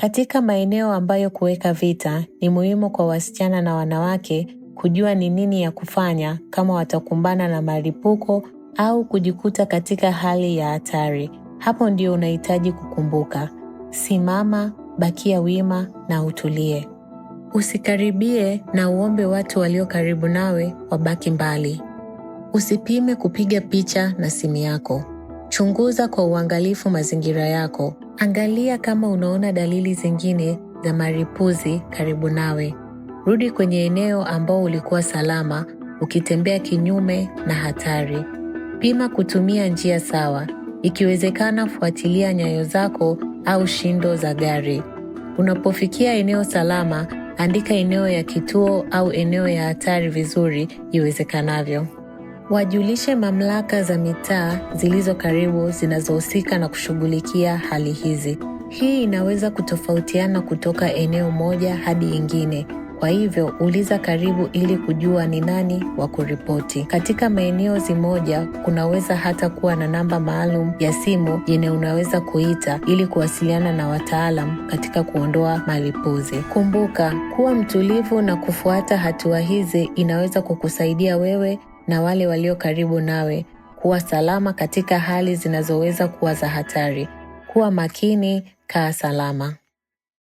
Katika maeneo ambayo kuweka vita, ni muhimu kwa wasichana na wanawake kujua ni nini ya kufanya kama watakumbana na malipuko au kujikuta katika hali ya hatari. Hapo ndio unahitaji kukumbuka: simama, bakia wima na utulie. Usikaribie na uombe watu walio karibu nawe wabaki mbali. Usipime kupiga picha na simu yako. Chunguza kwa uangalifu mazingira yako. Angalia kama unaona dalili zingine za maripuzi karibu nawe. Rudi kwenye eneo ambao ulikuwa salama ukitembea kinyume na hatari. Pima kutumia njia sawa. Ikiwezekana, fuatilia nyayo zako au shindo za gari. Unapofikia eneo salama, andika eneo ya kituo au eneo ya hatari vizuri iwezekanavyo wajulishe mamlaka za mitaa zilizo karibu zinazohusika na kushughulikia hali hizi. Hii inaweza kutofautiana kutoka eneo moja hadi ingine. Kwa hivyo uliza karibu ili kujua ni nani wa kuripoti. Katika maeneo zimoja, kunaweza hata kuwa na namba maalum ya simu yenye unaweza kuita ili kuwasiliana na wataalam katika kuondoa malipuzi. Kumbuka kuwa mtulivu na kufuata hatua hizi inaweza kukusaidia wewe na wale walio karibu nawe, kuwa salama katika hali zinazoweza kuwa za hatari. Kuwa makini, kaa salama.